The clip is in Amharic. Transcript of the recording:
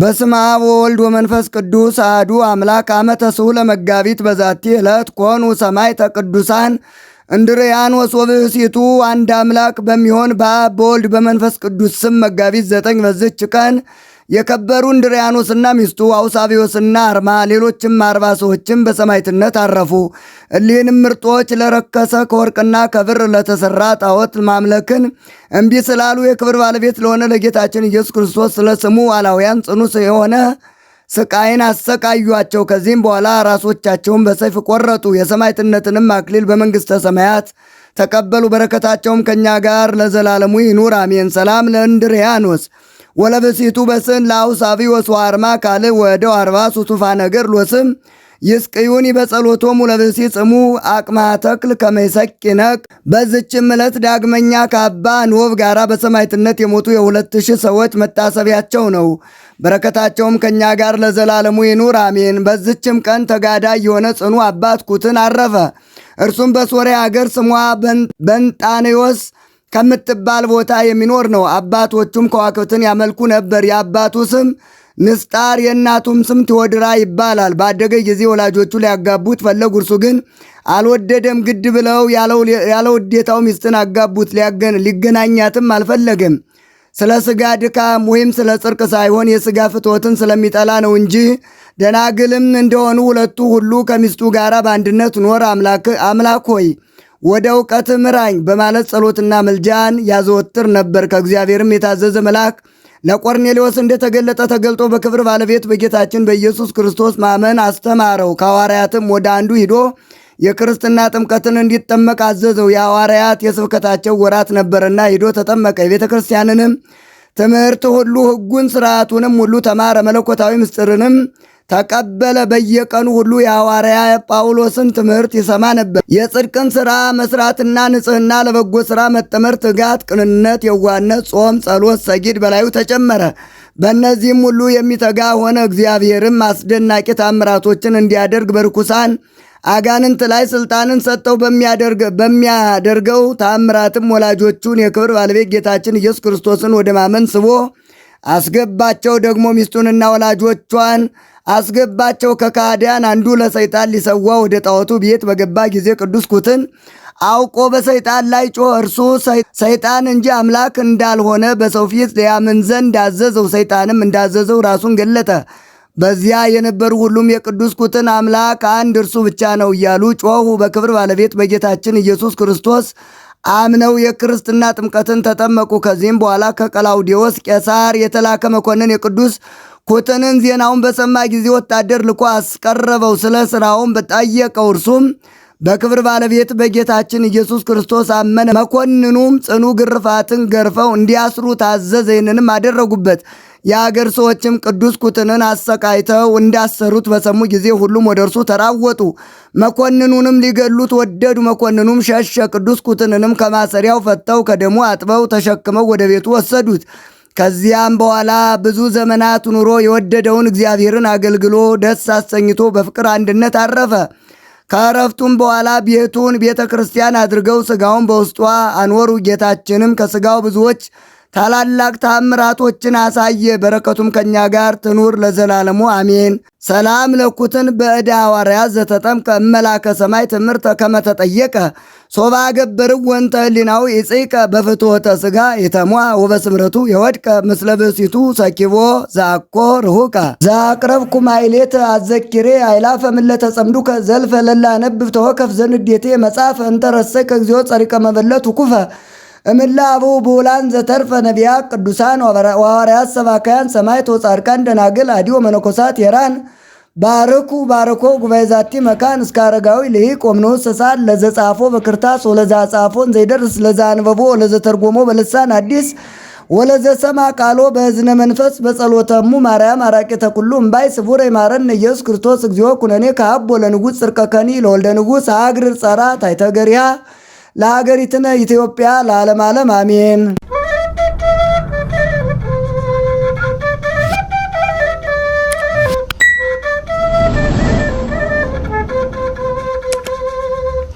በስመ አብ ወወልድ ወመንፈስ ቅዱስ አሐዱ አምላክ አመ ተስዑ ለመጋቢት በዛቲ ዕለት ኮኑ ሰማዕተ ቅዱሳን እንድርያኖስ ወብእሲቱ። አንድ አምላክ በሚሆን በአብ በወልድ በመንፈስ ቅዱስ ስም መጋቢት ዘጠኝ በዝች ቀን የከበሩ እንድሪያኖስና ሚስቱ አውሳቪዮስና አርማ ሌሎችም አርባ ሰዎችም በሰማይትነት አረፉ። እሊህንም ምርጦች ለረከሰ ከወርቅና ከብር ለተሰራ ጣዖት ማምለክን እምቢ ስላሉ የክብር ባለቤት ለሆነ ለጌታችን ኢየሱስ ክርስቶስ ስለ ስሙ አላውያን ጽኑ የሆነ ስቃይን አሰቃዩአቸው። ከዚህም በኋላ ራሶቻቸውን በሰይፍ ቆረጡ። የሰማይትነትንም አክሊል በመንግሥተ ሰማያት ተቀበሉ። በረከታቸውም ከእኛ ጋር ለዘላለሙ ይኑር አሜን። ሰላም ለእንድሪያኖስ ወለበሲቱ በስን ለአውሳቢ ወስዋርማ ካል ወደው አርባ ሱቱፋ ነገር ሎስም ይስቅዩኒ በጸሎቶ ለብሲ ጽሙ አቅማ ተክል ከመይሰቅ ነቅ። በዝችም ዕለት ዳግመኛ ከአባ ንወብ ጋራ በሰማይትነት የሞቱ የሁለት ሺህ ሰዎች መታሰቢያቸው ነው። በረከታቸውም ከእኛ ጋር ለዘላለሙ ይኑር አሜን። በዝችም ቀን ተጋዳ የሆነ ጽኑ አባት ኩትን አረፈ። እርሱም በሶርያ አገር ስሟ በንጣኔዎስ ከምትባል ቦታ የሚኖር ነው። አባቶቹም ከዋክብትን ያመልኩ ነበር። የአባቱ ስም ንስጣር የእናቱም ስም ቴዎድራ ይባላል። ባደገ ጊዜ ወላጆቹ ሊያጋቡት ፈለጉ። እርሱ ግን አልወደደም። ግድ ብለው ያለ ውዴታው ሚስትን አጋቡት። ሊገናኛትም አልፈለገም። ስለ ሥጋ ድካም ወይም ስለ ጽርቅ ሳይሆን የሥጋ ፍትወትን ስለሚጠላ ነው እንጂ። ደናግልም እንደሆኑ ሁለቱ ሁሉ ከሚስቱ ጋር በአንድነት ኖር። አምላክ ሆይ ወደ እውቀት ምራኝ በማለት ጸሎትና ምልጃን ያዘወትር ነበር። ከእግዚአብሔርም የታዘዘ መልአክ ለቆርኔሌዎስ እንደተገለጠ ተገልጦ በክብር ባለቤት በጌታችን በኢየሱስ ክርስቶስ ማመን አስተማረው። ከሐዋርያትም ወደ አንዱ ሂዶ የክርስትና ጥምቀትን እንዲጠመቅ አዘዘው። የሐዋርያት የስብከታቸው ወራት ነበርና ሂዶ ተጠመቀ። የቤተ ክርስቲያንንም ትምህርት ሁሉ ሕጉን ስርዓቱንም ሁሉ ተማረ። መለኮታዊ ምስጢርንም ተቀበለ። በየቀኑ ሁሉ የሐዋርያ ጳውሎስን ትምህርት ይሰማ ነበር። የጽድቅን ሥራ መስራትና ንጽህና ለበጎ ሥራ መጠመር፣ ትጋት፣ ቅንነት፣ የዋነት፣ ጾም፣ ጸሎት፣ ሰጊድ በላዩ ተጨመረ። በእነዚህም ሁሉ የሚተጋ ሆነ። እግዚአብሔርም አስደናቂ ታምራቶችን እንዲያደርግ በርኩሳን አጋንንት ላይ ስልጣንን ሰጠው። በሚያደርገው ታምራትም ወላጆቹን የክብር ባለቤት ጌታችን ኢየሱስ ክርስቶስን ወደ ማመን ስቦ አስገባቸው ደግሞ ሚስቱንና ወላጆቿን አስገባቸው። ከካህዲያን አንዱ ለሰይጣን ሊሰዋ ወደ ጣዖቱ ቤት በገባ ጊዜ ቅዱስ ኩትን አውቆ በሰይጣን ላይ ጮኸ። እርሱ ሰይጣን እንጂ አምላክ እንዳልሆነ በሰው ፊት ሊያምን ዘንድ አዘዘው። ሰይጣንም እንዳዘዘው ራሱን ገለጠ። በዚያ የነበሩ ሁሉም የቅዱስ ኩትን አምላክ አንድ እርሱ ብቻ ነው እያሉ ጮኹ። በክብር ባለቤት በጌታችን ኢየሱስ ክርስቶስ አምነው የክርስትና ጥምቀትን ተጠመቁ። ከዚህም በኋላ ከቀላውዲዎስ ቄሳር የተላከ መኮንን የቅዱስ ኩትንን ዜናውን በሰማ ጊዜ ወታደር ልኮ አስቀረበው። ስለ ስራውን በጠየቀው እርሱም በክብር ባለቤት በጌታችን ኢየሱስ ክርስቶስ አመነ። መኮንኑም ጽኑ ግርፋትን ገርፈው እንዲያስሩ ታዘዘ። ይህንንም አደረጉበት። የአገር ሰዎችም ቅዱስ ኩትንን አሰቃይተው እንዳሰሩት በሰሙ ጊዜ ሁሉም ወደ እርሱ ተራወጡ። መኮንኑንም ሊገሉት ወደዱ። መኮንኑም ሸሸ። ቅዱስ ኩትንንም ከማሰሪያው ፈተው ከደሙ አጥበው ተሸክመው ወደ ቤቱ ወሰዱት። ከዚያም በኋላ ብዙ ዘመናት ኑሮ የወደደውን እግዚአብሔርን አገልግሎ ደስ አሰኝቶ በፍቅር አንድነት አረፈ። ከእረፍቱም በኋላ ቤቱን ቤተ ክርስቲያን አድርገው ስጋውን በውስጧ አኖሩ። ጌታችንም ከስጋው ብዙዎች ታላላቅ ታምራቶችን አሳየ። በረከቱም ከእኛ ጋር ትኑር ለዘላለሙ አሜን። ሰላም ለኩትን በእደ ሐዋርያት ዘተጠምቀ እመላከ ሰማይ ትምህርተ ከመተጠየቀ ሶባ ገበርው ወንተ ህሊናው ይጽቀ በፍትወተ ስጋ የተሟ ወበስምረቱ የወድቀ ምስለ ብእሲቱ ሰኪቦ ዛኮ ርሁቀ ዛቅረብኩ ማይሌት አዘኪሬ አይላፈ ተጸምዱከ ዘልፈ ለላ ነብብ ተወከፍ ዘንዴቴ መጽሐፍ እንተረሰከ እግዚኦ ጸሪቀ መበለቱ ኩፈ እምላ አበው ብሁላን ዘተርፈ ነቢያ ቅዱሳን ዋርያት ሰባካያን ሰማይት ወጻድቃን ደናግል አዲ መነኮሳት የራን ባርኩ ባርኮ ጉባኤ ዛቲ መካን እስከ አረጋዊ ልሂቅ ወምንዑስ ሰሳት ለዘጻፎ በክርታስ ወለዛ ጻፎን ዘይደርስ ለዛ አንበቦ ወለዘተርጎሞ በልሳን አዲስ ወለዘሰማ ቃሎ በእዝነ መንፈስ በጸሎተሙ ማርያም አራቂ ተኩሉ እምባይ ስቡር ይማረን ኢየሱስ ክርስቶስ እግዚኦ ኩነኔ ከአብ ወለንጉሥ ጽርቀከኒ ለወልደ ንጉሥ አግር ጸራ ታይተገሪያ ለሀገሪትነ ኢትዮጵያ ለዓለም ዓለም አሜን።